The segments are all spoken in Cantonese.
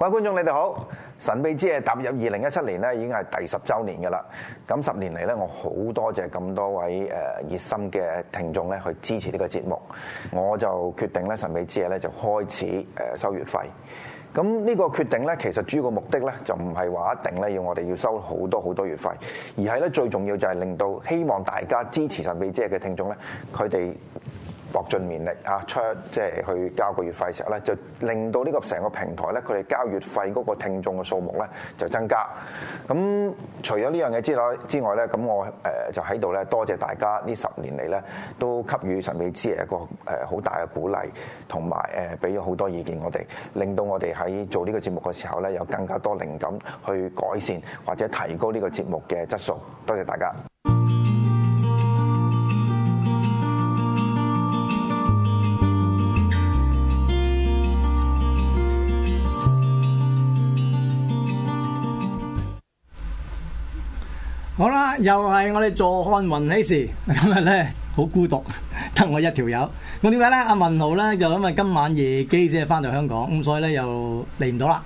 各位觀眾，你哋好！神秘之夜踏入二零一七年咧，已經係第十週年嘅啦。咁十年嚟咧，我好多謝咁多位誒熱心嘅聽眾咧，去支持呢個節目。我就決定咧，神秘之夜咧就開始誒收月費。咁、這、呢個決定咧，其實主要嘅目的咧，就唔係話一定咧要我哋要收好多好多月費，而係咧最重要就係令到希望大家支持神秘之夜嘅聽眾咧，佢哋。搏盡綿力啊，出，即係去交個月費嘅時候咧，就令到呢個成個平台咧，佢哋交月費嗰個聽眾嘅數目咧就增加了。咁除咗呢樣嘢之外，之外咧，咁我誒就喺度咧，多謝大家呢十年嚟咧都給予神秘之嘅一個誒好大嘅鼓勵，同埋誒俾咗好多意見我哋，令到我哋喺做呢個節目嘅時候咧有更加多靈感去改善或者提高呢個節目嘅質素。多謝大家。好啦，又係我哋坐看雲起時。今日咧好孤獨，得我一條友。咁點解咧？阿文豪咧就因為，今晚夜機先返到香港，咁所以咧又嚟唔到啦。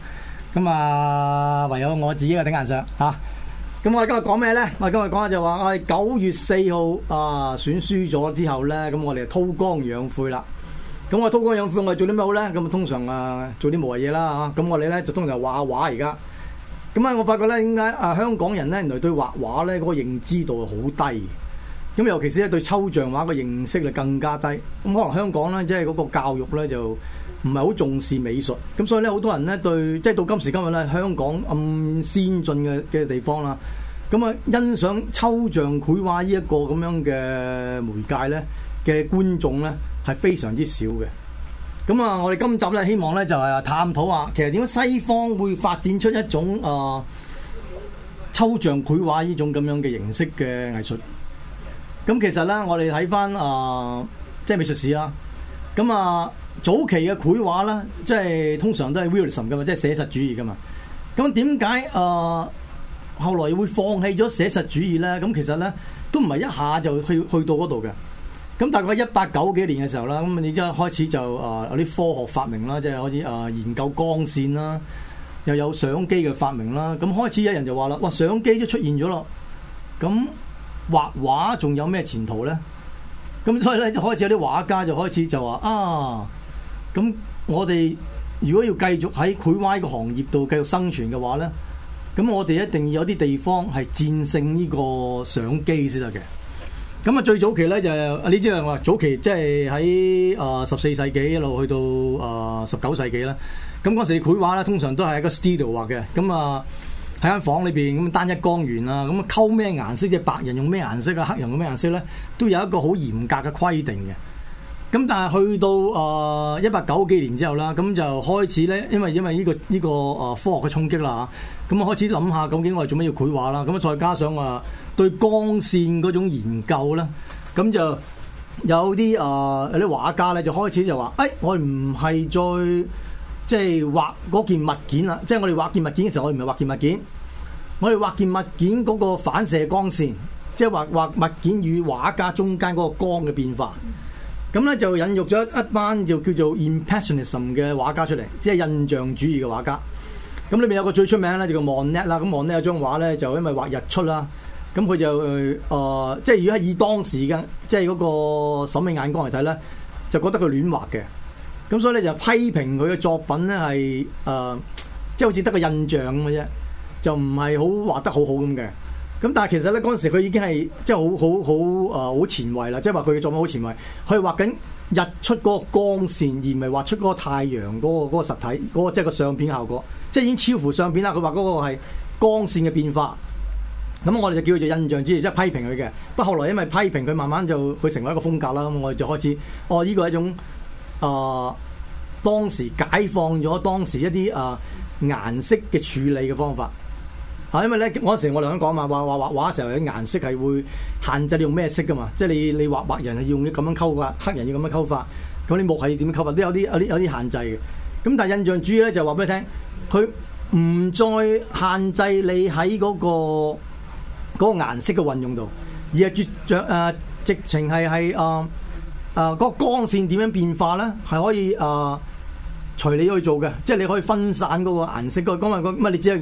咁啊，唯有我自己嘅頂硬上吓，咁我哋今日講咩咧？我今日講就話，九月四號啊，選輸咗之後咧，咁我哋就韜光養晦啦。咁我韜光養晦，我哋做啲咩好咧？咁通常啊，做啲無謂嘢啦吓。咁我哋咧就通常畫畫而家。咁啊、嗯，我發覺咧，點解啊香港人咧原來對畫畫咧個、那個認知度係好低，咁、嗯、尤其是咧對抽象畫嘅認識咧更加低。咁、嗯、可能香港咧即係嗰個教育咧就唔係好重視美術。咁、嗯、所以咧好多人咧對即係到今時今日咧香港咁先進嘅嘅地方啦，咁、嗯、啊欣賞抽象繪畫呢一個咁樣嘅媒介咧嘅觀眾咧係非常之少嘅。咁啊，我哋今集咧希望咧就係探討下，其實點解西方會發展出一種啊、呃、抽象繪畫呢種咁樣嘅形式嘅藝術？咁其實咧，我哋睇返啊，即係美術史啦。咁啊，早期嘅繪畫咧，即係通常都係 realism 嘅嘛，即係寫實主義嘅嘛。咁點解啊？後來會放棄咗寫實主義咧？咁其實咧都唔係一下就去去到嗰度嘅。咁大概一八九幾年嘅時候啦，咁你即係開始就有啲科學發明啦，即係開始研究光線啦，又有相機嘅發明啦。咁開始有人就話啦，哇，相機都出現咗咯，咁畫畫仲有咩前途咧？咁所以咧，就開始有啲畫家就開始就話啊，咁我哋如果要繼續喺繪畫呢個行業度繼續生存嘅話咧，咁我哋一定要有啲地方係戰勝呢個相機先得嘅。咁啊，最早期咧就啊、係，你知啦，我話早期即係喺啊十四世紀一路去到啊十九世紀啦。咁嗰時繪畫咧，通常都係喺個 studio 畫嘅。咁啊喺間房裏邊咁單一光源啊，咁溝咩顏色？即係白人用咩顏色啊？黑人用咩顏色咧？都有一個好嚴格嘅規定嘅。咁但係去到啊一八九幾年之後啦，咁就開始咧，因為因為呢、呢個呢、呢個啊科學嘅衝擊啦嚇，咁啊開始諗下究竟我哋做乜要繪畫啦？咁啊再加上啊，對光線嗰種研究咧，咁就有啲啊、呃，有啲畫家咧就開始就話，誒、哎，我唔係再即係畫嗰件物件啦，即係我哋畫件物件嘅時候，我唔係畫件物件。我哋畫件物件嗰個反射光線，即係畫畫物件與畫家中間嗰個光嘅變化。咁咧就引入咗一班就叫做 Impressionism 嘅畫家出嚟，即係印象主義嘅畫家。咁裏面有個最出名咧就叫 Monet 啦，咁 Monet 有張畫咧就因為畫日出啦。咁佢就、呃、即係如果係以當時嘅即係嗰個審美眼光嚟睇咧，就覺得佢亂畫嘅。咁所以咧就批評佢嘅作品咧係啊，即係好似得個印象咁嘅啫，就唔係好畫得好好咁嘅。咁但係其實咧嗰陣時佢已經係即係好好好啊好前衛啦，即係話佢嘅作品好前衛。佢係畫緊日出嗰個光線，而唔係畫出嗰個太陽嗰個嗰個實體，嗰個即係個相片效果，即係已經超乎相片啦。佢畫嗰個係光線嘅變化。咁我哋就叫佢做印象主義，即、就、係、是、批評佢嘅。不過後來因為批評佢，慢慢就佢成為一個風格啦。咁我哋就開始，哦，呢、這個是一種啊、呃，當時解放咗當時一啲啊、呃、顏色嘅處理嘅方法。嚇、啊，因為咧嗰陣時我哋都講嘛，話話畫畫嘅時候，嘅顏色係會限制你用咩色噶嘛。即係你你畫畫人係要用啲咁樣溝法，黑人要咁樣溝法，咁你木係要點溝法，都有啲有啲有啲限制嘅。咁但係印象主義咧就話、是、俾你聽，佢唔再限制你喺嗰、那個。嗰個顏色嘅運用度，而係著著誒，呃、直情係係誒誒嗰個光線點樣變化咧，係可以誒、呃、隨你去做嘅，即係你可以分散嗰個顏色。嗰、那個、光啊，嗰、那、乜、個、你知啊？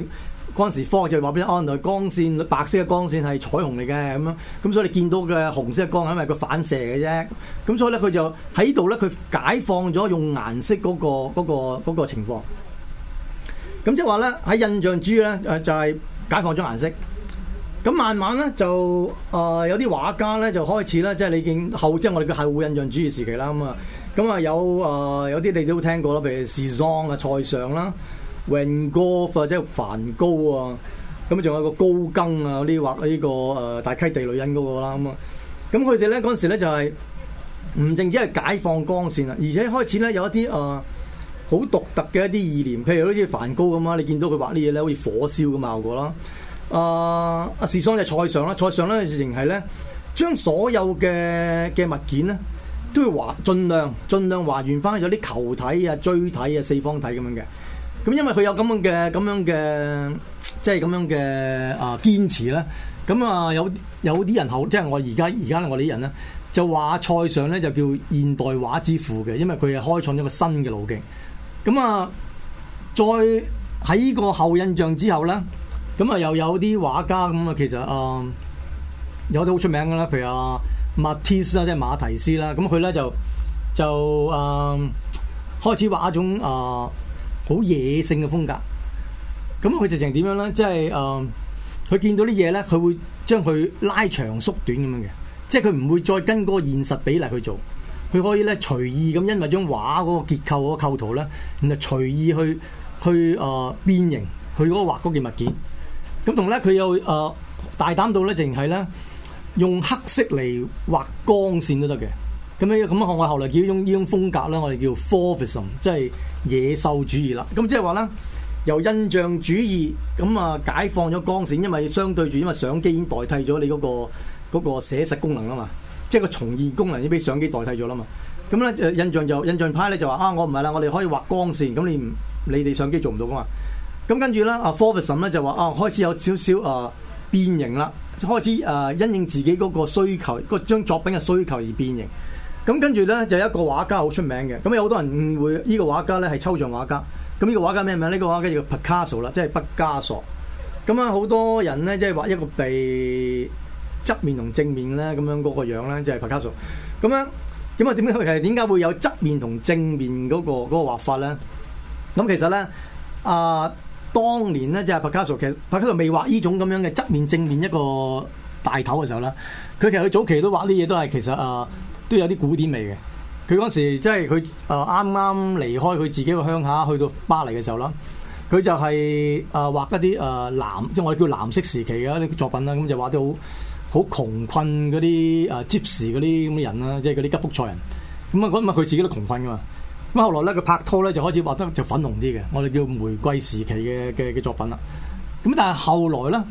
嗰陣時科學就係話俾你聽，原來，哦那個、光線白色嘅光線係彩虹嚟嘅咁樣，咁所以你見到嘅紅色嘅光係因為佢反射嘅啫。咁所以咧，佢就喺度咧，佢解放咗用顏色嗰、那個嗰、那個那個、情況。咁即係話咧，喺印象主義咧誒，就係、是、解放咗顏色。咁慢慢咧就啊有啲畫家咧就開始啦。即係你見後，即係我哋嘅後印象主義時期啦咁啊，咁啊有啊有啲你都聽過啦，譬如塞尚啊、塞尚啦、梵高啊，即係梵高啊，咁仲有個高更啊，嗰啲畫呢個大溪地女人嗰個啦咁啊，咁佢哋咧嗰陣時咧就係唔淨止係解放光線啊，而且開始咧有一啲啊好獨特嘅一啲意念，譬如好似梵高咁啊，你見到佢畫啲嘢咧，好似火燒咁嘅效果啦。啊！阿時尚就係塞尚啦，塞尚咧件事情係咧，將所有嘅嘅物件咧，都要畫，儘量儘量還原翻去咗啲球體啊、錐體啊、四方體咁樣嘅。咁因為佢有咁樣嘅咁樣嘅，即係咁樣嘅啊堅持啦。咁啊，有有啲人後，即係我而家而家我哋啲人咧，就話塞尚咧就叫現代畫之父嘅，因為佢係開創咗個新嘅路徑。咁啊，再喺個後印象之後咧。咁啊，又有啲畫家咁啊，其實誒、呃、有啲好出名噶啦，譬如阿馬蒂斯啦，即係馬提斯啦。咁佢咧就就誒、呃、開始畫一種誒好、呃、野性嘅風格。咁佢直情點樣咧？即係誒佢見到啲嘢咧，佢會將佢拉長縮短咁樣嘅，即係佢唔會再跟嗰個現實比例去做。佢可以咧隨意咁因為張畫嗰個結構，嗰個構圖咧，然後隨意去去誒變、呃、形，去嗰個畫嗰件物件。咁同咧佢又誒大膽到咧，淨係咧用黑色嚟畫光線都得嘅。咁呢，咁我後來我叫依呢依種風格咧，我哋叫 Fauvism，即係野獸主義啦。咁即係話咧，由印象主義咁啊解放咗光線，因為相對住因為相機已經代替咗你嗰個寫實功能啦嘛，即係個重現功能已經俾相機代替咗啦嘛。咁咧印象就印象派咧就話啊，我唔係啦，我哋可以畫光線，咁你唔你哋相機做唔到噶嘛。咁跟住咧，阿、啊、f r b e s、啊、s o n 咧就話啊，開始有少少啊變形啦，開始誒因應自己嗰個需求，嗰個將作品嘅需求而變形。咁、嗯、跟住咧就有一個畫家好出名嘅，咁、嗯、有好多人誤會呢個畫家咧係抽象畫家。咁、嗯、呢、呢個畫家咩名呢、呢個畫家叫 Picasso 啦、so, 嗯，即係畢加索。咁啊，好多人咧即係畫一個鼻側面同正面咧，咁樣嗰個樣咧即係 Picasso。咁樣咁啊，點解其實點解會有側面同正面嗰、嗰個嗰、嗰個畫法咧？咁、嗯、其實咧，啊、呃、～當年咧，就係畢加索，其實畢加索未畫呢種咁樣嘅側面正面一個大頭嘅時候啦，佢其實佢早期都畫啲嘢都係其實啊、呃，都有啲古典味嘅。佢嗰時即係佢啊啱啱離開佢自己個鄉下去到巴黎嘅時候啦，佢就係、是、啊、呃、畫一啲啊、呃、藍，即係我哋叫藍色時期嘅一啲作品啦，咁就畫到好窮困嗰啲啊 Gypsy 嗰啲咁嘅人啦，即係嗰啲吉福賽人，咁啊嗰佢自己都窮困噶嘛。咁後來咧，佢拍拖咧就開始畫得就粉紅啲嘅，我哋叫玫瑰時期嘅嘅嘅作品啦。咁但係後來咧，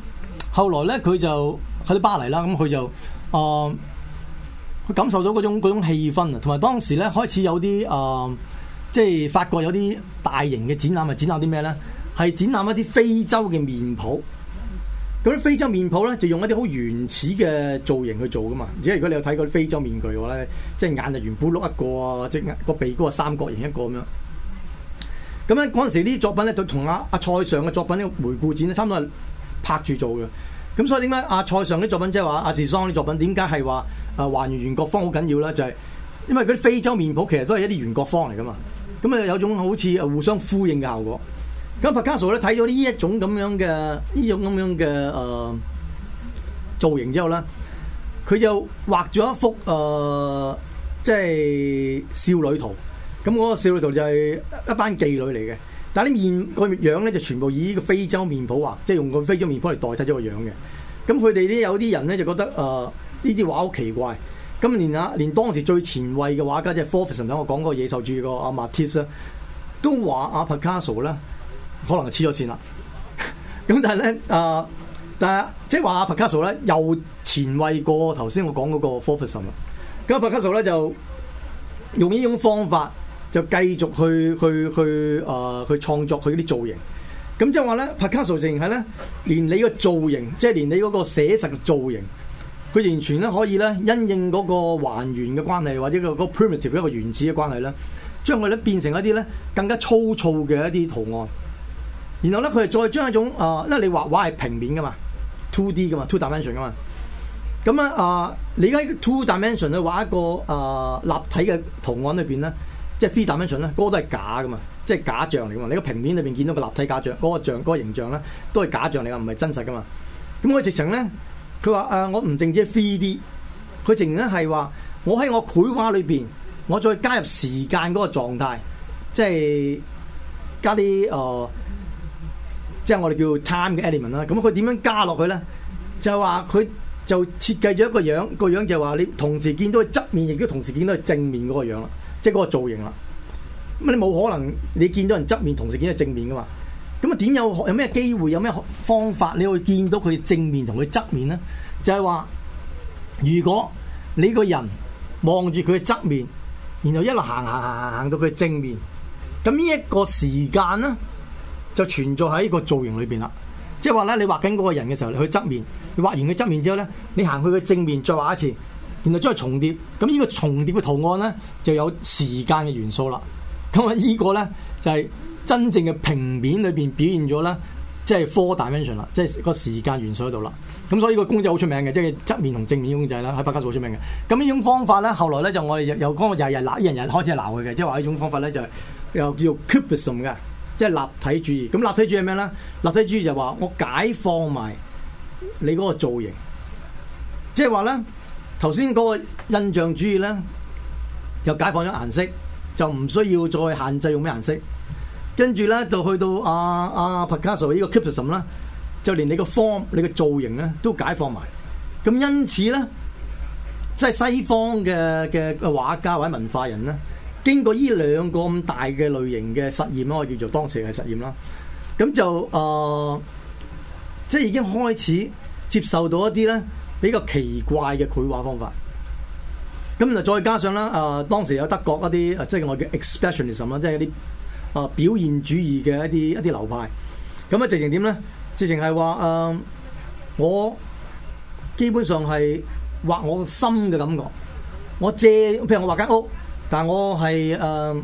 後來咧佢就喺啲巴黎啦，咁佢就啊，佢、呃、感受到嗰種嗰種氣氛啊，同埋當時咧開始有啲啊、呃，即係法國有啲大型嘅展覽，咪展覽啲咩咧？係展覽一啲非洲嘅面譜。咁啲非洲面譜咧，就用一啲好原始嘅造型去做噶嘛。而且如果你有睇過啲非洲面具嘅話咧，即係眼就圓咕碌一個啊，即係個鼻哥啊三角形一個咁樣。咁咧嗰陣時啲作品咧就同阿阿塞尚嘅作品呢作品個回顧展咧，差唔多係拍住做嘅。咁所以點解阿塞尚啲作品即係話阿士桑啲作品點解係話啊還原圓角方好緊要咧？就係、是、因為佢啲非洲面譜其實都係一啲圓角方嚟噶嘛。咁啊有種好似互相呼應嘅效果。咁 Picasso 咧睇咗呢一種咁樣嘅呢種咁樣嘅誒、呃、造型之後咧，佢就畫咗一幅誒、呃，即係少女圖。咁、那、嗰個少女圖就係一班妓女嚟嘅，但係啲面個樣咧就全部以呢個非洲面譜畫，即係用個非洲面譜嚟代替咗個樣嘅。咁佢哋啲有啲人咧就覺得呢啲、呃、畫好奇怪。咁連啊，連當時最前衛嘅畫家即係 Fauvism 等我講過野獸主義個阿 Matisse 都話阿 Picasso 咧。可能就黐咗線啦。咁 但係咧，啊、呃，但即係話阿 Picasso 咧又前衛過頭先我講嗰個、For、Fauvism 啦。咁阿 Picasso 咧就用呢種方法就繼續去去去啊、呃、去創作佢啲造型。咁即係話咧，Picasso 淨係咧連你個造型，即、就、係、是、連你嗰個寫實嘅造型，佢完全咧可以咧因應嗰個還原嘅關係，或者個 primitive 一個原始嘅關係咧，將佢咧變成一啲咧更加粗糙嘅一啲圖案。然後咧，佢又再將一種啊、呃，因為你畫畫係平面噶嘛，two D 噶嘛，two dimension 噶嘛。咁啊啊，你而家喺 two dimension 去畫一個啊、呃、立體嘅圖案裏邊咧，即係 three dimension 咧，嗰、嗰個都係假噶嘛，即係假象嚟噶嘛。你個平面裏邊見到個立體假象，嗰、嗰個像、嗰個形象咧，都係假象嚟噶，唔係真實噶嘛。咁佢直情咧，佢話啊，我唔淨止 three D，佢直情咧係話我喺我繪畫裏邊，我再加入時間嗰個狀態，即係加啲啊。呃即係我哋叫 time 嘅 element 啦，咁佢點樣加落去咧？就係話佢就設計咗一個樣，個樣就係話你同時見到佢側面，亦都同時見到佢正面嗰個樣啦，即係嗰個造型啦。咁你冇可能你見到人側面，同時見到正面噶嘛？咁啊，點有有咩機會，有咩方法你會見到佢正面同佢側面咧？就係話，如果你個人望住佢側面，然後一路行行行行到佢正面，咁呢一個時間咧？就存在喺呢個造型裏面啦。即係話咧，你畫緊嗰個人嘅時候，你去側面，你畫完佢側面之後咧，你行去佢正面再畫一次，然後再重疊。咁呢個重疊嘅圖案咧，就有時間嘅元素啦。咁啊，呢個咧就係、是、真正嘅平面裏面表現咗咧，即係 four dimension 啦，即、就、係、是、個時間元素喺度啦。咁所以呢個公仔好出名嘅，即、就、係、是、側面同正面呢種公仔啦，喺畢加索好出名嘅。咁呢種方法咧，後來咧就我哋由又講，日日鬧，日日開始鬧佢嘅，即係話呢種方法咧就又叫做 cubism 嘅。即係立體主義，咁立體主義係咩咧？立體主義就話我解放埋你嗰個造型，即係話咧，頭先嗰個印象主義咧，就解放咗顏色，就唔需要再限制用咩顏色。跟住咧就去到阿阿、啊啊、Picasso 這個呢個 Cubism 啦，就連你個 form、你個造型咧都解放埋。咁因此咧，即、就、係、是、西方嘅嘅畫家或者文化人咧，經過呢兩個咁大嘅類型嘅實驗啦，我叫做當時嘅實驗啦，咁就、呃、即係已經開始接受到一啲咧比較奇怪嘅繪畫方法。咁就再加上啦、呃，當時有德國一啲即係我叫 Expressionism 即係一啲表現主義嘅一啲一啲流派。咁啊，直情點咧？直情係話我基本上係畫我個心嘅感覺。我借譬如我畫間屋。但我係誒、呃，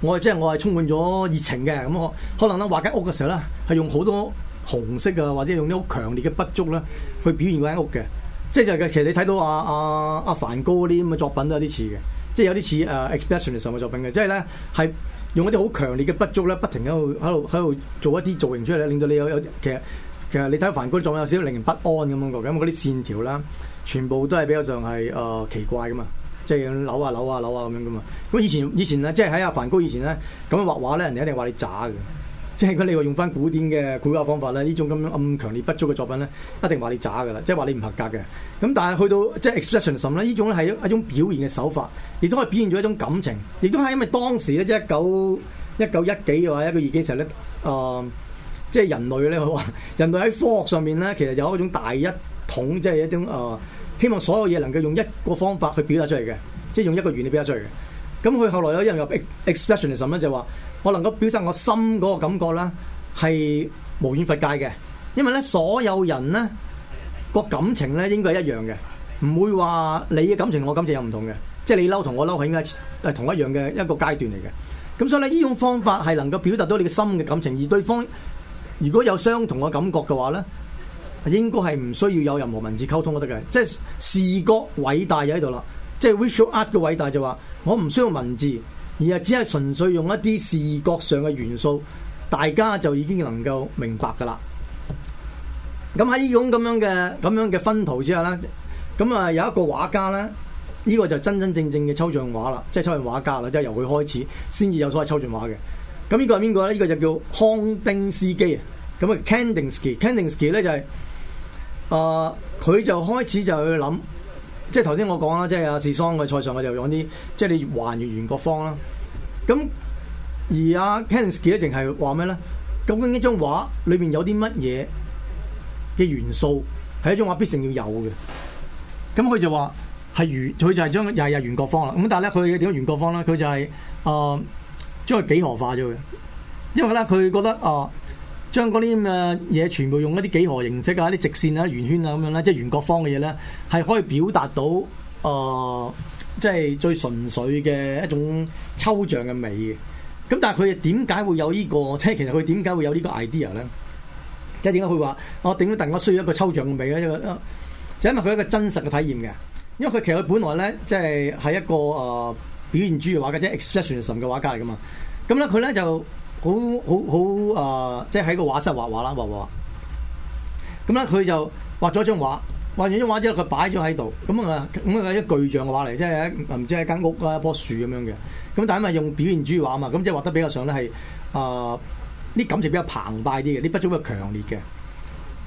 我係即係我係充滿咗熱情嘅，咁、嗯，我可能咧畫緊屋嘅時候咧，係用好多紅色嘅，或者用啲好強烈嘅筆觸咧，去表現嗰間屋嘅。即係就係、其實你睇到阿阿阿梵高啲咁嘅作品都有啲似嘅，即係有啲似誒 expressionism 嘅作品嘅。即係咧係用一啲好強烈嘅筆觸咧，不停喺度喺度喺度做一啲造型出嚟令到你有有其實其實你睇梵高啲作品有少少令人不安咁樣個，因為嗰啲線條啦，全部都係比較上係誒奇怪嘅嘛。即係扭啊扭啊扭啊咁樣噶嘛，咁以前以前咧，即係喺阿梵高以前咧，咁樣畫畫咧，人哋一定話你渣嘅，即係佢你話用翻古典嘅古典畫方法咧，呢種咁樣咁強烈不足嘅作品咧，一定話你渣噶啦，即係話你唔合格嘅。咁但係去到即係 expressionism 咧，呢、就是、種咧係一種表現嘅手法，亦都可以表現咗一種感情，亦都係因為當時咧，即係一九一九一幾嘅話，一個二幾時候咧，誒，即係人類咧，我話人類喺科學上面咧，其實有一種大一統，即、就、係、是、一種誒。呃希望所有嘢能夠用一個方法去表達出嚟嘅，即係用一個原理表達出嚟嘅。咁佢後來有一樣叫 expressionism 咧，就係話我能夠表達我心嗰個感覺啦，係無遠弗屆嘅。因為咧，所有人咧，個感情咧，應該係一樣嘅，唔會話你嘅感情同我感情有唔同嘅，即係你嬲同我嬲係應該係同一樣嘅一個階段嚟嘅。咁所以呢，呢種方法係能夠表達到你嘅心嘅感情，而對方如果有相同嘅感覺嘅話咧。應該係唔需要有任何文字溝通都得嘅，即係視覺偉大就喺度啦。即係 visual art 嘅偉大就話，我唔需要文字，而係只係純粹用一啲視覺上嘅元素，大家就已經能夠明白㗎啦。咁喺呢種咁樣嘅咁樣嘅分圖之下咧，咁啊有一個畫家咧，呢個就真真正正嘅抽象畫啦，即係抽象畫家啦，即係由佢開始先至有所謂抽象畫嘅。咁呢個係邊個咧？呢個就叫康丁斯基啊。咁啊 Kandinsky，Kandinsky 咧就係。啊！佢、呃、就開始就去諗，即係頭先我講啦，即係阿士桑嘅賽上，我就用啲，即係你越還越圓角方啦。咁而阿 Kandinsky 咧，淨係話咩咧？究竟呢張畫裏邊有啲乜嘢嘅元素係一張畫必定要有嘅？咁佢就話係圓，佢就係將又係又圓角方啦。咁但係咧，佢點樣圓角方咧？佢就係啊，將佢幾何化咗嘅，因為咧佢覺得啊。呃將嗰啲咁嘅嘢全部用一啲幾何形式啊、一啲直線啊、圓圈啊咁樣咧，即係圓角方嘅嘢咧，係可以表達到、呃、即係最純粹嘅一種抽象嘅美嘅。咁但係佢點解會有呢個？即係其實佢點解會有呢個 idea 咧？即係點解佢話我點都突然間需要一個抽象嘅美咧？就因為佢係一個真實嘅體驗嘅。因為佢其實佢本來咧，即係係一個表現主義畫家，即係 Expressionism 嘅畫家嚟噶嘛。咁咧佢咧就。好好好啊、呃！即係喺個畫室畫畫啦，畫畫。咁咧，佢就畫咗張畫，畫完張畫之後，佢擺咗喺度。咁啊，咁佢，一巨像嘅畫嚟，即係唔知係間屋啦，一樖樹咁樣嘅。咁但係因為用表現主義畫嘛，咁即係畫得比較上咧係啊，啲、呃、感情比較澎湃啲嘅，啲筆觸比較強烈嘅。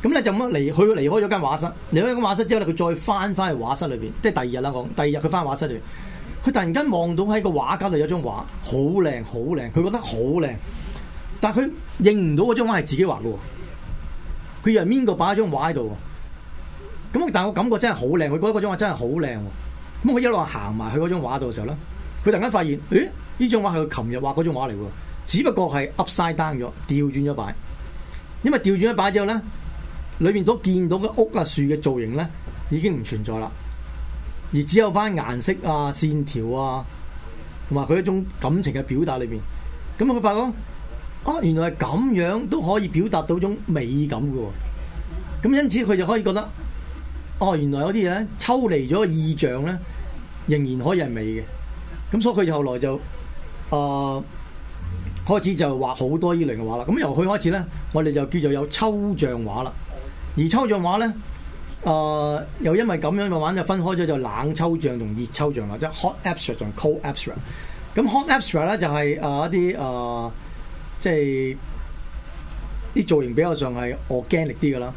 咁咧就咁樣離，佢離開咗間畫室，離開咗間畫室之後咧，佢再翻翻去畫室裏邊，即係第二日啦。講第二日佢翻畫室度，佢突然間望到喺個畫架度有張畫，好靚，好靚，佢覺得好靚。但佢認唔到嗰張畫係自己畫嘅喎，佢以為邊個擺咗張畫喺度喎？咁但係我感覺真係好靚，佢覺得嗰張畫真係好靚。咁佢一路行埋去嗰張畫度嘅時候咧，佢突然間發現，誒，呢張畫係佢琴日畫嗰張畫嚟喎，只不過係 Upside Down 咗，調轉咗擺。因為調轉咗擺之後咧，裏面所見到嘅屋啊、樹嘅造型咧已經唔存在啦，而只有翻顏色啊、線條啊同埋佢一種感情嘅表達裏邊。咁佢發覺。哦，原來係咁樣都可以表達到種美感嘅喎。咁因此佢就可以覺得，哦，原來有啲嘢咧抽離咗意象咧，仍然可以係美嘅。咁所以佢後來就啊開始就畫好多依類嘅畫啦。咁由佢開始咧，我哋就叫做有抽象畫啦。而抽象畫咧啊，又因為咁樣嘅話就分開咗，就冷抽象同熱抽象或者 hot abstract 同 cold abstract。咁 hot abstract 咧就係啊一啲啊～即係啲造型比較上係 organic 啲嘅啦，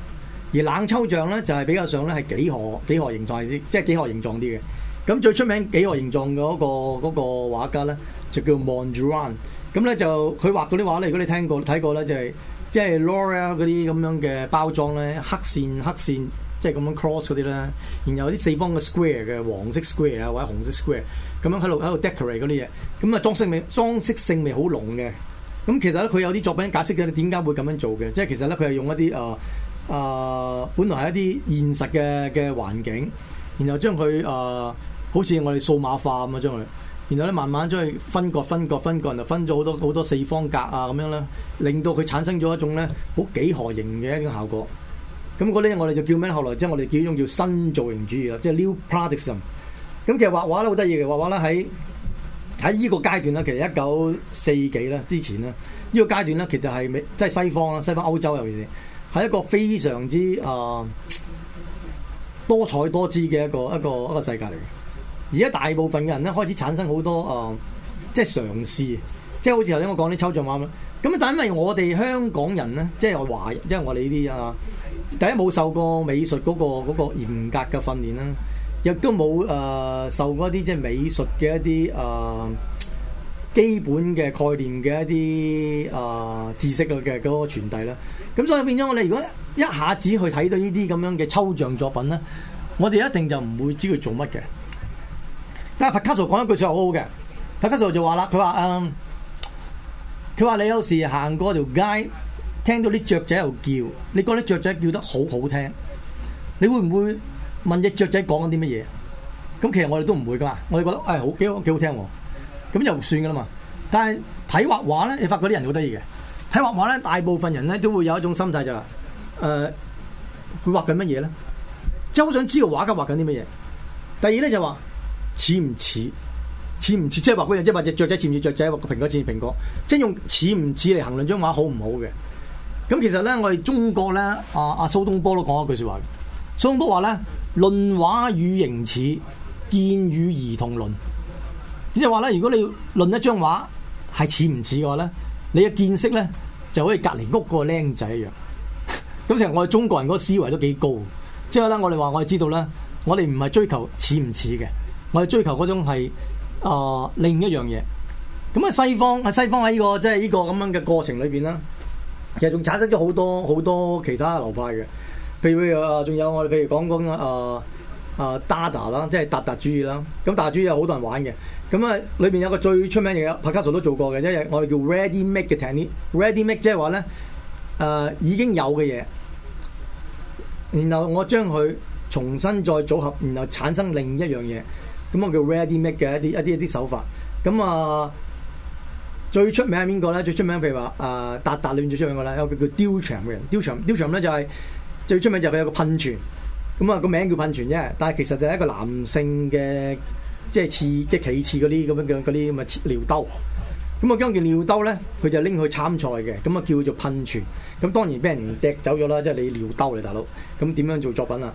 而冷抽象咧就係、是、比較上咧係幾何幾何形狀啲，即係幾何形狀啲嘅。咁最出名幾何形狀嘅嗰、那個嗰、那個、畫家咧就叫 Mondrian，咁咧就佢畫嗰啲畫咧，如果你聽過睇過咧、就是，就係即係 Loreal 嗰啲咁樣嘅包裝咧，黑線黑線，即係咁樣 cross 嗰啲啦。然後啲四方嘅 square 嘅黃色 square 啊，或者紅色 square 咁樣喺度喺度 decorate 嗰啲嘢，咁啊裝飾味裝飾性味好濃嘅。咁其實咧，佢有啲作品解釋嘅點解會咁樣做嘅，即係其實咧，佢係用一啲誒誒，本來係一啲現實嘅嘅環境，然後將佢誒好似我哋數碼化咁啊將佢，然後咧慢慢將佢分，分割、分割、分割，然後分咗好多好多四方格啊咁樣咧，令到佢產生咗一種咧好幾何形嘅一種效果。咁嗰啲我哋就叫咩咧？後來即係我哋叫一種叫新造型主義啦，即係 Neoplasticism。咁其實畫畫咧好得意嘅，畫畫咧喺。喺呢個階段咧，其實一九四幾咧之前咧，呢、這個階段咧，其實係美即係西方啦，西方歐洲尤其是，係一個非常之啊、呃、多彩多姿嘅一個一個一個世界嚟嘅。而家大部分嘅人咧，開始產生好多啊、呃，即係嘗試，即係好似頭先我講啲抽象畫咁。咁啊，但係因為我哋香港人咧，即係華人，即係我哋呢啲啊，第一冇受過美術嗰、那個嗰、那個、嚴格嘅訓練啦。亦都冇誒受嗰啲即係美術嘅一啲誒、呃、基本嘅概念嘅一啲誒、呃、知識嘅嗰個傳遞啦。咁所以變咗我哋如果一下子去睇到呢啲咁樣嘅抽象作品咧，我哋一定就唔會知佢做乜嘅。但係、so mm hmm. 帕卡蘇講一句説話好好嘅，帕卡蘇就話啦：佢話誒，佢話你有時行過條街，聽到啲雀仔喺度叫，你覺得啲雀仔叫得好好聽，你會唔會？問隻雀仔講緊啲乜嘢？咁其實我哋都唔會噶嘛，我哋覺得誒、哎、好幾好幾好聽喎、啊，咁又算噶啦嘛。但係睇畫畫咧，你發覺啲人好得意嘅。睇畫畫咧，大部分人咧都會有一種心態就係、是、誒，佢畫緊乜嘢咧？即係好想知道畫家畫緊啲乜嘢。第二咧就話似唔似，似唔似，即係畫嗰樣，即係畫隻雀仔似唔似雀仔像不像，畫個蘋果似唔似蘋果。即係用似唔似嚟衡量張畫好唔好嘅。咁其實咧，我哋中國咧，阿阿蘇東坡都講一句說話，蘇東坡話咧。論畫與形似，見與兒童論，即係話咧，如果你論一張畫係似唔似嘅話咧，你嘅見識咧就好似隔離屋嗰個僆仔一樣。咁成日我哋中國人嗰個思維都幾高，之後咧我哋話我哋知道咧，我哋唔係追求似唔似嘅，我哋追求嗰種係啊、呃、另一樣嘢。咁啊，西方啊、這個，西方喺呢個即係呢個咁樣嘅過程裏邊咧，其實仲產生咗好多好多其他流派嘅。譬如啊，仲有我哋譬如講講啊啊，Dada 啦，即係達達主義啦。咁達達主義有好多人玩嘅。咁啊，裏邊有個最出名嘅，Picasso 都做過嘅，即係我哋叫 ready make 嘅 technique ready make 即係話咧，誒、呃、已經有嘅嘢，然後我將佢重新再組合，然後產生另一樣嘢。咁我叫 ready make 嘅一啲一啲一啲手法。咁啊、呃，最出名係邊個咧？最出名譬如話啊，達達裏最出名個咧，有個叫 Duchamp 嘅人。Duchamp，Duchamp 咧就係。最出名就係佢有一個噴泉，咁、那、啊個名叫噴泉啫，但係其實就係一個男性嘅，即係似即係似嗰啲咁樣嘅嗰啲咁嘅尿兜，咁啊將件尿兜咧，佢就拎去參賽嘅，咁啊叫做噴泉，咁當然俾人抌走咗啦，即、就、係、是、你尿兜嚟大佬，咁點樣做作品啊？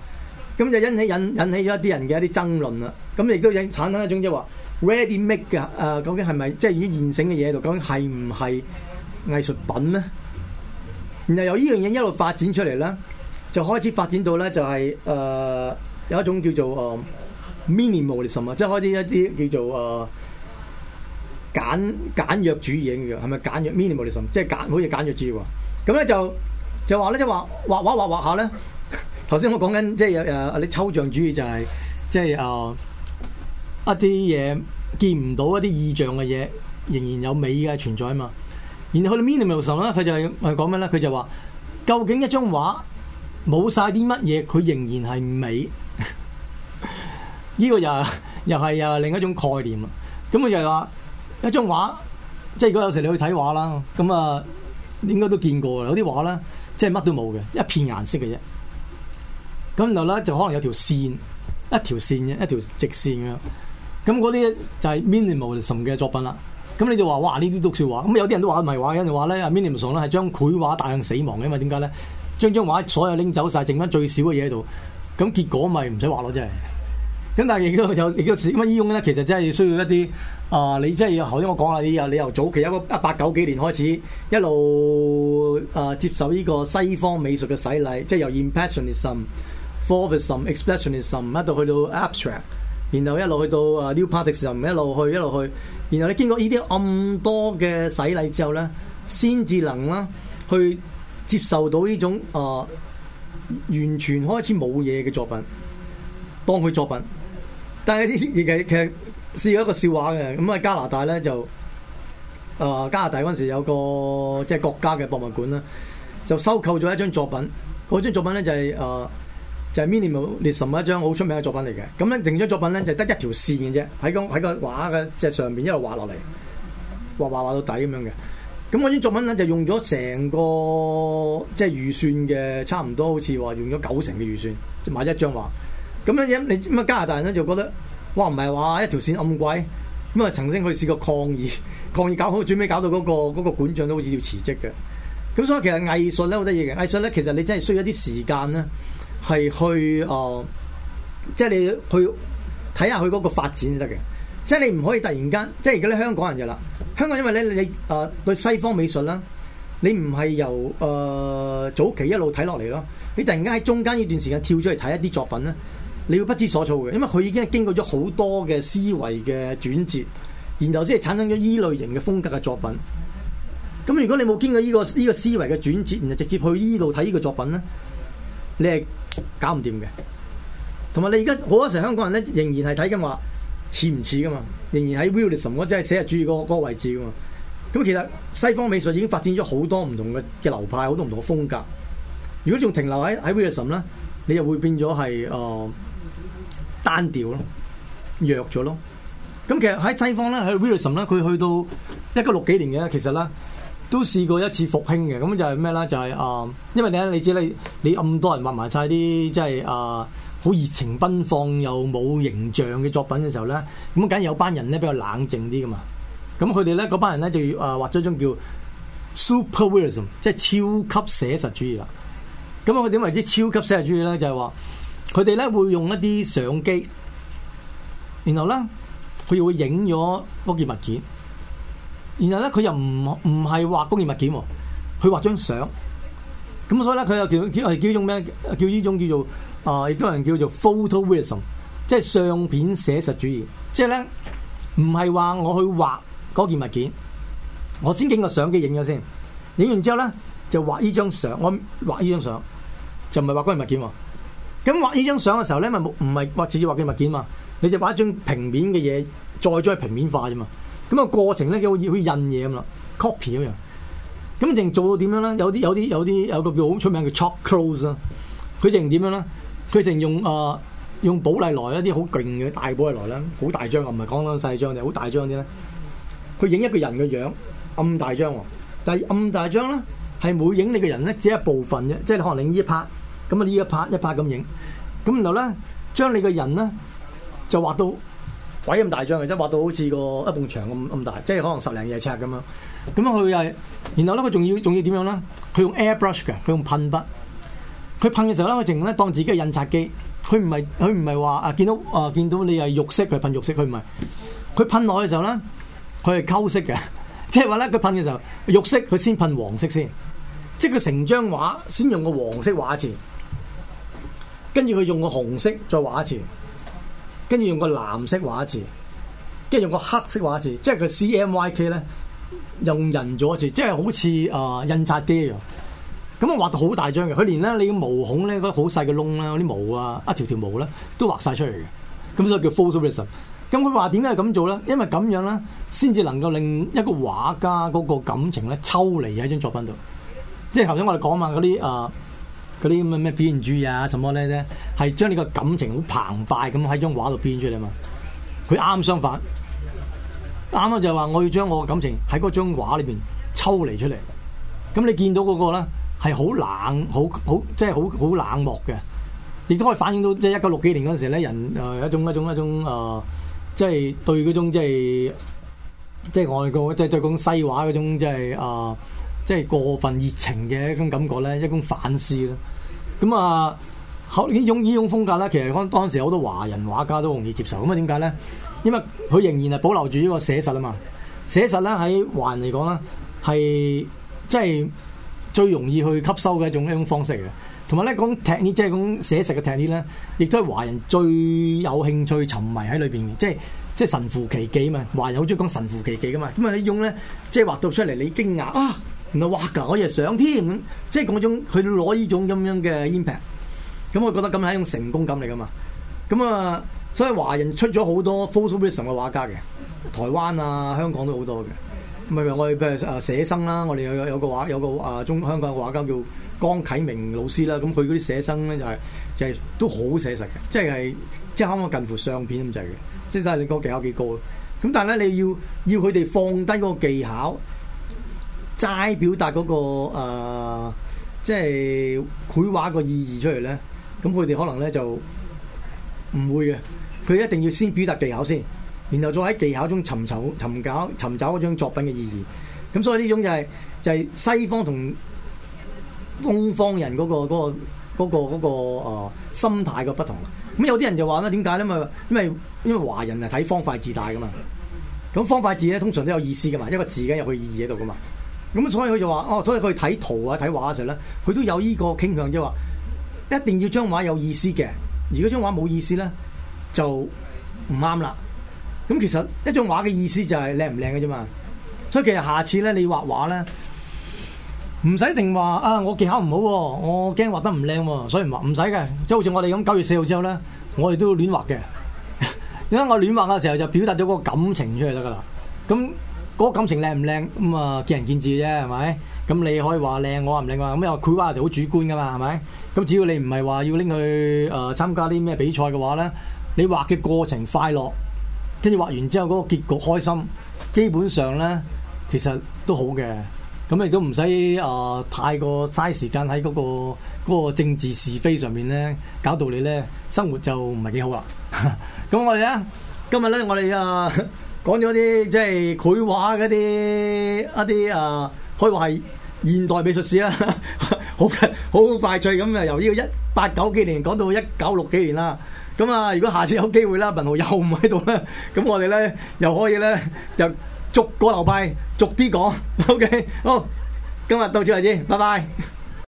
咁就引起引引起咗一啲人嘅一啲爭論啦，咁亦都引產生一種即係話 ready make 嘅誒，究竟係咪即係以現成嘅嘢究竟係唔係藝術品咧？然後由呢樣嘢一路發展出嚟啦。就開始發展到咧，就是，就係誒有一種叫做誒 minimalism 啊，即、呃、係開啲一啲叫做誒、呃、簡簡約主義型嘅，係咪簡約 minimalism 即係簡好似簡約主義喎。咁咧就就話咧，即係話畫畫畫畫下咧。頭先我講緊即係誒誒啲抽象主義就係即係誒一啲嘢見唔到一啲意象嘅嘢，仍然有美嘅存在啊嘛。然後去到 minimalism 咧，就是，佢就係誒講咩咧？佢就話究竟一張畫。冇曬啲乜嘢，佢仍然係美。呢 個又係又另一種概念啦。咁佢就係話一張畫，即係如果有時你去睇畫啦，咁啊，應該都見過嘅。有啲畫咧，即係乜都冇嘅，一片顏色嘅啫。咁然後咧，就可能有條線，一條線嘅一條直線嘅。咁嗰啲就係 minimalism、um、嘅作品啦。咁你就話：哇，呢啲都算畫。咁有啲人都話唔係畫，有人話咧 minimalism、um、咧係將繪畫帶向死亡嘅嘛？點解咧？張張畫所有拎走晒，剩翻最少嘅嘢喺度，咁結果咪唔使畫咯，真係。咁但係亦都有，亦都使乜醫工咧，e L e、其實真係需要一啲啊、呃，你即係頭先我講下啲嘢，由你由早期一個一八九幾年開始，一路啊、呃、接受呢個西方美術嘅洗禮，即係由 Impressionism、Fauvism Expressionism 一度去到 Abstract，然後一路去到啊、uh, New Particism，一路去一路去，然後你經過呢啲咁多嘅洗禮之後咧，先至能啦去。接受到呢種啊、呃，完全開始冇嘢嘅作品，當佢作，作品，但係呢亦係其實試過一個笑話嘅咁啊，加拿大咧就啊加拿大嗰陣時有個即係國家嘅博物館啦，就收購咗一張作品，嗰張作品咧就係、是、啊、呃、就係 Minimalism 一張好出名嘅作品嚟嘅，咁咧成張作品咧就得一條線嘅啫，喺個喺個畫嘅即係上面一路畫落嚟，畫畫畫到底咁樣嘅。咁我啲作品咧就用咗成個即係預算嘅差唔多，好似話用咗九成嘅預算買一張畫。咁樣嘢，你知啊加拿大人咧就覺得，哇，唔係話一條線咁貴。咁啊曾經去試過抗議，抗議搞好最尾搞到嗰、那個嗰、那個館長都好似要辭職嘅。咁所以其實藝術咧好得嘢嘅，藝術咧其實你真係需要一啲時間咧，係去誒，即、呃、係、就是、你去睇下佢嗰個發展先得嘅。即係你唔可以突然間，即係而家咧香港人就啦，香港因為咧你誒、呃、對西方美術啦，你唔係由誒、呃、早期一路睇落嚟咯，你突然間喺中間呢段時間跳出嚟睇一啲作品咧，你會不知所措嘅，因為佢已經係經過咗好多嘅思維嘅轉折，然後先係產生咗依類型嘅風格嘅作品。咁如果你冇經過呢個依個思維嘅轉折，然後直接去依度睇呢個作品咧，你係搞唔掂嘅。同埋你而家好多時候香港人咧，仍然係睇緊話。似唔似噶嘛？仍然喺 Realism 嗰即係寫實主義嗰嗰個位置噶嘛？咁其實西方美術已經發展咗好多唔同嘅嘅流派，好多唔同嘅風格。如果仲停留喺喺 Realism 咧，你又會變咗係誒單調咯，弱咗咯。咁其實喺西方咧，喺 Realism 咧，佢去到一九六幾年嘅咧，其實咧都試過一次復興嘅。咁就係咩咧？就係、是、誒、呃，因為咧你，你知啦，你咁多人畫埋晒啲即係誒。就是呃好熱情奔放又冇形象嘅作品嘅時候咧，咁梗係有班人咧比較冷靜啲噶嘛。咁佢哋咧嗰班人咧就要啊畫咗一種叫 super realism，即係超級寫實主義啦。咁啊，點為之超級寫實主義咧？就係話佢哋咧會用一啲相機，然後咧佢會影咗嗰件物件，然後咧佢又唔唔係畫嗰件物件，佢畫張相。咁所以咧，佢又叫叫係叫種咩？叫呢種叫做。啊！亦都、呃、有人叫做 photo realism，即係相片寫實主義。即係咧，唔係話我去畫嗰件物件，我先經過相機影咗先。影完之後咧，就畫依張相。我畫依張相，就唔係畫嗰件物件。咁畫依張相嘅時候咧，咪唔係畫直接畫件物件嘛？你就畫一張平面嘅嘢，再再平面化啫嘛。咁、嗰個過程咧，好似去印嘢咁啦，copy 咁樣。咁淨做到點樣咧？有啲有啲有啲有個叫好出名嘅 Chuck Close 啊！佢淨點樣咧？佢淨用啊、呃、用寶麗來一啲好勁嘅大寶麗來啦，好大張啊，唔係講緊細張，就好大張啲咧。佢影一個人嘅樣咁大張，但係咁大張咧係每影你個人咧只一部分啫，即係可能影呢一,一,一拍咁啊，呢一拍一拍咁影，咁然後咧將你個人咧就畫到鬼咁大張嘅，即係畫到好似個一埲牆咁咁大，即係可能十零嘢尺咁樣。咁樣佢又係，然後咧佢仲要仲要點樣咧？佢用 airbrush 嘅，佢用噴筆。佢噴嘅時候咧，佢淨係咧當自己係印刷機，佢唔係佢唔係話啊見到啊見到你係肉色，佢噴肉色，佢唔係。佢噴落嘅時候咧，佢係溝色嘅，即係話咧佢噴嘅時候，肉色佢先噴黃色先，即係佢成張畫先用個黃色畫一次，跟住佢用個紅色再畫一次，跟住用個藍色畫一次，跟住用個黑色畫一次，即係佢 CMYK 咧，用人咗一次，即係好似啊、呃、印刷機一樣。咁我畫到好大張嘅，佢連咧你嘅毛孔咧嗰個好細嘅窿啦，嗰啲，啊，毛啊，一條條毛咧都畫晒出嚟嘅。咁所以叫 photorealism。咁佢話點解係咧咁做咧？因為咁樣咧，先至能夠令一個畫家嗰個感情咧抽離喺張作品度。即係頭先我哋講，呃啊，嘛，嗰啲啊，嗰啲咁嘅咩表現主義啊，什麼咧咧，係將你個感情好澎湃咁喺張畫度表現出嚟嘛。佢啱相反，啱啱就係話我要將我嘅感情喺嗰張畫裏邊抽離出嚟。咁你見到嗰個咧？係好冷，好好即係好好冷漠嘅，亦都可以反映到即係一九六幾年嗰陣時咧，人誒一種一種一種誒，即、呃、係、就是、對嗰種即係即係外國即係對講西畫嗰種即係啊，即、就、係、是呃就是、過分熱情嘅一種感覺咧，一種反思啦。咁、嗯、啊，好呢種呢種風格咧，其實當當時好多華人畫家都容易接受。咁啊，點解咧？因為佢仍然係保留住呢個寫實啊嘛。寫實咧喺華人嚟講咧係即係。最容易去吸收嘅一種一種方式嚟嘅，同埋咧講 technique，即係講寫實嘅 technique 咧，亦都係華人最有興趣沉迷喺裏邊嘅，即係即係神乎其技嘛。華人好中意講神乎其技嘅嘛，咁啊你用咧，即係畫到出嚟你驚訝啊，原來畫㗎，我亦想添，即係嗰種去攞呢種咁樣嘅 impact，咁我覺得咁係一種成功感嚟噶嘛。咁啊，所以華人出咗好多 photo realism 嘅畫家嘅，台灣啊、香港都好多嘅。唔係，我哋譬如誒寫生啦，我哋有有個畫，有個啊中香港個畫家叫江啟明老師啦。咁佢嗰啲寫生咧就係就係都好寫實嘅，即係係即係啱啱近乎相片咁滯嘅，即係你個技巧幾高！咁但係咧，你要要佢哋放低嗰個技巧，齋表達嗰個呃，即係繪畫個意義出嚟咧，咁佢哋可能咧就唔會嘅，佢一定要先表達技巧先。然後再喺技巧中尋尋尋找尋找嗰張作品嘅意義。咁所以呢種就係就係西方同東方人嗰個嗰個嗰個嗰個、呃、心態嘅不同。咁有啲人就話咧，點解咧？咪因為因為華人係睇方塊字大噶嘛。咁方塊字咧通常都有意思噶嘛，一個字梗有佢意義喺度噶嘛。咁所以佢就話哦，所以佢睇圖啊睇畫嘅時候咧，佢都有呢個傾向，即係話一定要張畫有意思嘅。如果張畫冇意思咧，就唔啱啦。咁其實一張畫嘅意思就係靚唔靚嘅啫嘛，所以其實下次咧，你畫畫咧唔使定話啊，我技巧唔好，我驚畫得唔靚喎，所以唔畫唔使嘅，即係好似我哋咁九月四號之後咧，我哋都亂畫嘅。因為我亂畫嘅時候就表達咗嗰個感情出嚟得噶啦。咁嗰個感情靚唔靚咁啊見仁見智啫，係咪？咁你可以話靚，我話唔靚，咁又佢話就好主觀噶嘛，係咪？咁只要你唔係、呃、話要拎去誒參加啲咩比賽嘅話咧，你畫嘅過程快樂跟住畫完之後嗰個結局開心，基本上咧其實都好嘅，咁亦都唔使啊太過嘥時間喺嗰個嗰個政治是非上面咧，搞到你咧生活就唔係幾好啦。咁 我哋咧今日咧，我哋啊講咗啲即係繪畫嗰啲一啲啊，可以話係現代美術史啦，好 快好快趣咁啊，由呢個一八九幾年講到一九六幾年啦。咁啊！如果下次有機會啦，文豪又唔喺度啦。咁我哋咧又可以咧，就逐個流派，逐啲講。OK，好，今日到此為止，拜拜。